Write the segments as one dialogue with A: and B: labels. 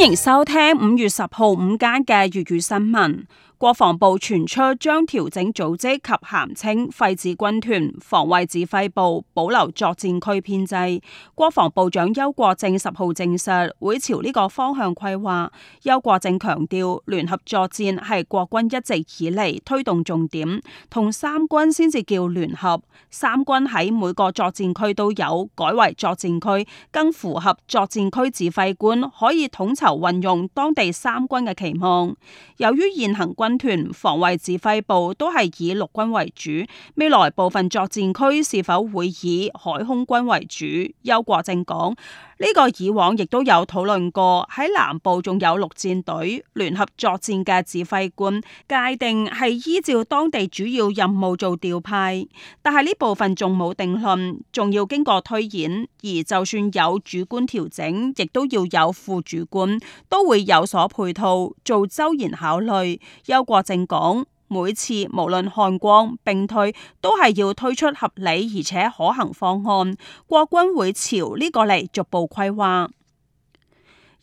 A: 歡迎收聽五月十號午間嘅粵語新聞。國防部傳出將調整組織及銜稱，廢止軍團防衛指揮部，保留作戰區編制。國防部長邱國正十號證實會朝呢個方向規劃。邱國正強調，聯合作戰係國軍一直以嚟推動重點，同三軍先至叫聯合。三軍喺每個作戰區都有，改為作戰區更符合作戰區指揮官可以統籌運用當地三軍嘅期望。由於現行軍軍團防衛指揮部都係以陸軍為主，未來部分作戰區是否會以海空軍為主？邱國正講。呢個以往亦都有討論過，喺南部仲有陸戰隊聯合作戰嘅指揮官界定係依照當地主要任務做調派，但係呢部分仲冇定論，仲要經過推演。而就算有主官調整，亦都要有副主官都會有所配套做周延考慮，邱國正講。每次無論漢光兵推，都係要推出合理而且可行方案。國軍會朝呢個嚟逐步規劃。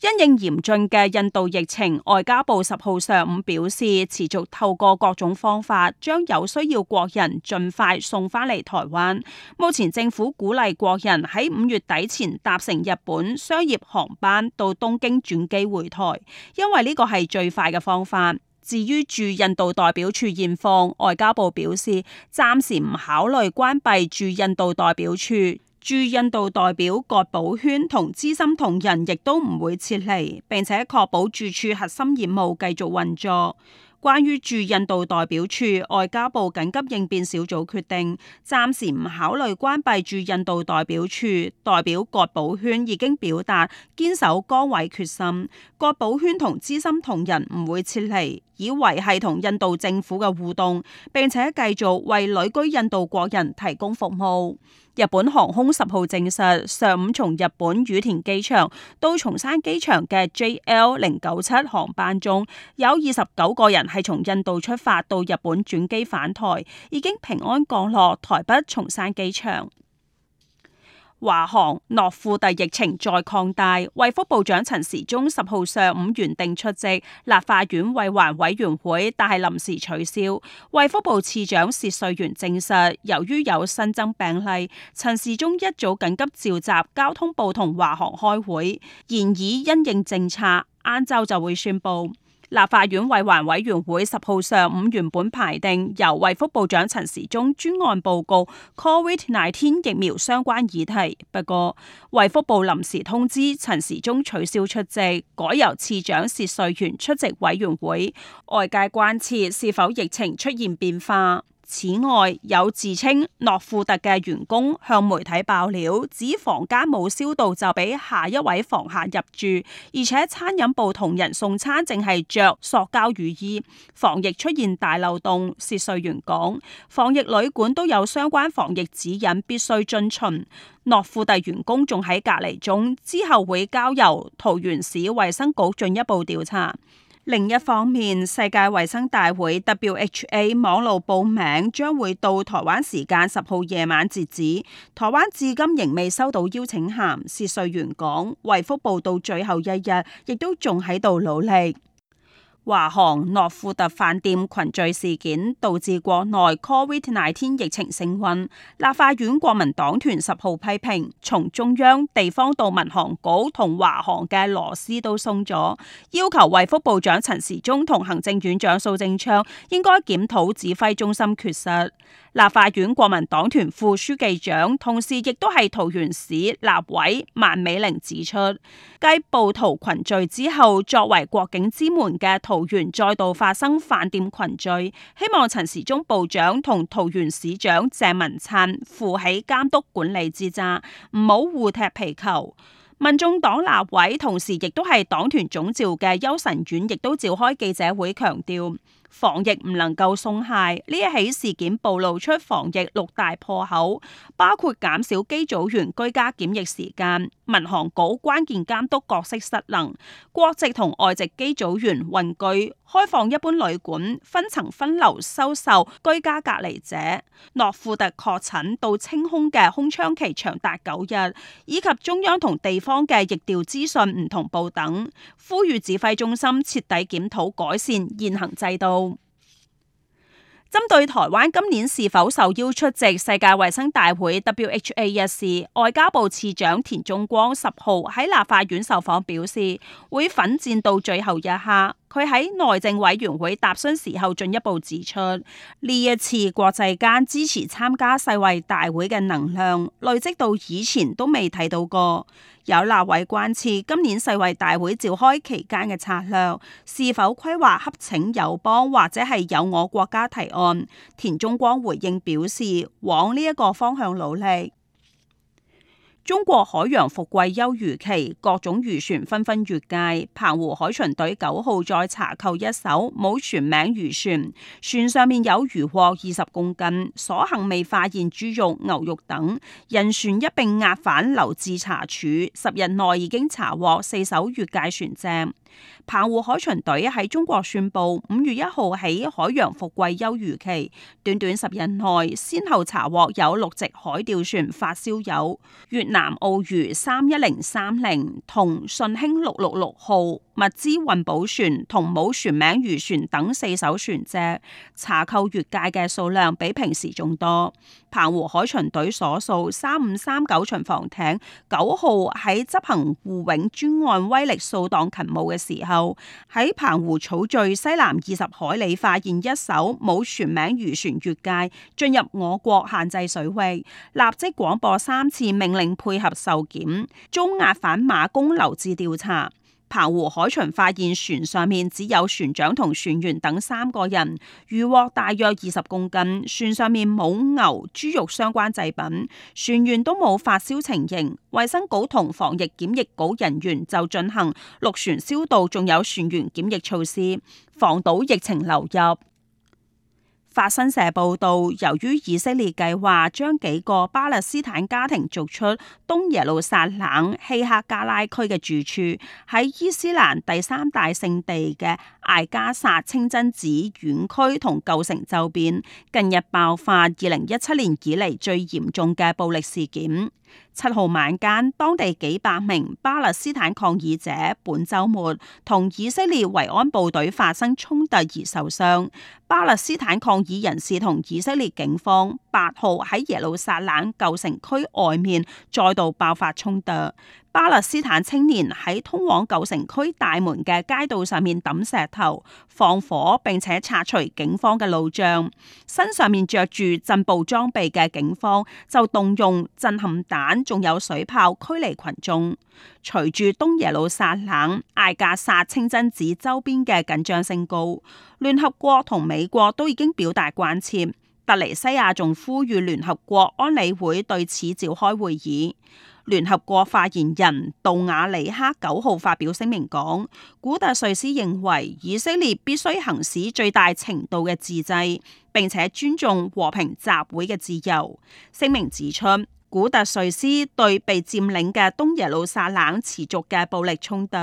A: 因應嚴峻嘅印度疫情，外交部十號上午表示，持續透過各種方法，將有需要國人盡快送返嚟台灣。目前政府鼓勵國人喺五月底前搭乘日本商業航班到東京轉機回台，因為呢個係最快嘅方法。至於駐印度代表處現況，外交部表示暫時唔考慮關閉駐印度代表處，駐印度代表葛葆萱同資深同仁亦都唔會撤離，並且確保駐處核心業務繼續運作。關於駐印度代表處，外交部緊急應變小組決定暫時唔考慮關閉駐印度代表處。代表葛葆萱已經表達堅守崗位決心，葛葆萱同資深同仁唔會撤離，以維繫同印度政府嘅互動，並且繼續為旅居印度國人提供服務。日本航空十號證實，上午從日本羽田機場到松山機場嘅 JL 零九七航班中，有二十九個人係從印度出發到日本轉機返台，已經平安降落台北松山機場。華航諾富特疫情再擴大，衛福部長陳時中十號上午原定出席立法院衛環委員會，但係臨時取消。衛福部次長薛瑞元證實，由於有新增病例，陳時中一早緊急召集交通部同華航開會，現已因應政策，晏晝就會宣布。立法院衛環委員會十號上午原本排定由衛福部長陳時中專案報告 Covid-19 疫苗相關議題，不過衛福部臨時通知陳時中取消出席，改由次長薛瑞元出席委員會。外界關切是否疫情出現變化。此外，有自稱諾富特嘅員工向媒體爆料，指房間冇消毒就俾下一位房客入住，而且餐飲部同人送餐淨係着塑膠雨衣，防疫出現大漏洞。涉事員講，防疫旅館都有相關防疫指引，必須遵循。諾富特員工仲喺隔離中，之後會交由桃園市衛生局進一步調查。另一方面，世界衛生大會 （WHA） 網路報名將會到台灣時間十號夜晚截止。台灣至今仍未收到邀請函，涉稅員講，為福報到最後一日，亦都仲喺度努力。華航諾富特飯店群聚事件導致國內 COVID-19 疫情升溫。立法院國民黨團十號批評，從中央、地方到民航局同華航嘅螺絲都鬆咗，要求衛福部長陳時中同行政院長蘇貞昌應該檢討指揮中心缺失。立法院國民黨團副書記長，同時亦都係桃園市立委萬美玲指出，繼暴徒群聚之後，作為國境之門嘅桃。桃園再度發生飯店群聚，希望陳時中部長同桃園市長鄭文燦負起監督管理之責，唔好互踢皮球。民眾黨立委同時亦都係黨團總召嘅邱臣遠，亦都召開記者會強調。防疫唔能夠鬆懈，呢一起事件暴露出防疫六大破口，包括減少機組員居家檢疫時間、民航局關鍵監督角色失能、國籍同外籍機組員混居、開放一般旅館、分層分流收受居家隔離者、諾富特確診到清空嘅空窗期長達九日，以及中央同地方嘅疫調資訊唔同步等，呼籲指揮中心徹底檢討改善現行制度。針對台灣今年是否受邀出席世界衛生大會 （WHA） 一事，外交部次長田中光十號喺立法院受訪表示，會奮戰到最後一刻。佢喺內政委員會答詢時候進一步指出，呢一次國際間支持參加世衛大會嘅能量累積到以前都未睇到過。有立委關切今年世衛大會召開期間嘅策略，是否規劃洽請友邦或者係有我國家提案？田中光回應表示，往呢一個方向努力。中國海洋復歸休漁期，各種漁船紛紛越界。澎湖海巡隊九號再查扣一艘冇船名漁船，船上面有漁獲二十公斤，所幸未發現豬肉、牛肉等，人船一併押返留置查處。十日內已經查獲四艘越界船隻。澎湖海巡隊喺中國宣布，五月一號起海洋伏季休漁期，短短十日內先後查獲有六隻海釣船發燒油，越南澳漁三一零三零同順興六六六號物資運補船同冇船名漁船等四艘船隻，查扣越界嘅數量比平時仲多。澎湖海巡隊所掃三五三九巡防艇九號喺執行護永專案威力掃蕩勤務嘅。時候喺澎湖草聚西南二十海里發現一艘冇船名漁船越界進入我國限制水域，立即廣播三次命令配合受檢，中壓反馬公留置調查。澎湖海巡發現船上面只有船長同船員等三個人，漁獲大約二十公斤，船上面冇牛豬肉相關製品，船員都冇發燒情形。衛生局同防疫檢疫局人員就進行陸船消毒，仲有船員檢疫措施，防堵疫情流入。法新社報道，由於以色列計劃將幾個巴勒斯坦家庭逐出東耶路撒冷希克加拉區嘅住處，喺伊斯蘭第三大聖地嘅，艾加薩清真寺、院區同舊城周邊近日爆發二零一七年以嚟最嚴重嘅暴力事件。七號晚間，當地幾百名巴勒斯坦抗議者本周末同以色列維安部隊發生衝突而受傷。巴勒斯坦抗議人士同以色列警方八號喺耶路撒冷舊城區外面再度爆發衝突。巴勒斯坦青年喺通往舊城區大門嘅街道上面抌石頭、放火，並且拆除警方嘅路障。身上面着住鎮暴裝備嘅警方就動用震撼彈，仲有水炮驅離群眾。隨住東耶路撒冷、艾格薩清真寺周邊嘅緊張升高，聯合國同美國都已經表達關切。特尼西亞仲呼籲聯合國安理會對此召開會議。聯合國發言人杜瓦里克九號發表聲明講，古特瑞斯認為以色列必須行使最大程度嘅自制，並且尊重和平集會嘅自由。聲明指出，古特瑞斯對被佔領嘅東耶路撒冷持續嘅暴力衝突，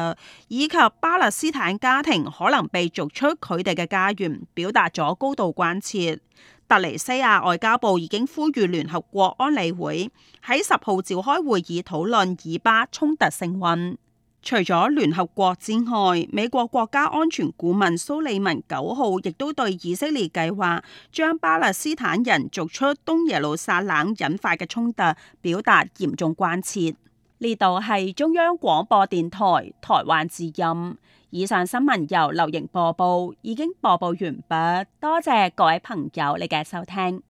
A: 以及巴勒斯坦家庭可能被逐出佢哋嘅家園，表達咗高度關切。特尼西亞外交部已經呼籲聯合國安理會喺十號召開會議討論以巴衝突成因。除咗聯合國之外，美國國家安全顧問蘇利文九號亦都對以色列計劃將巴勒斯坦人逐出東耶路撒冷引發嘅衝突表達嚴重關切。呢度係中央廣播電台台灣之音。以上新聞由劉瑩播報，已經播報完畢，多謝各位朋友你嘅收聽。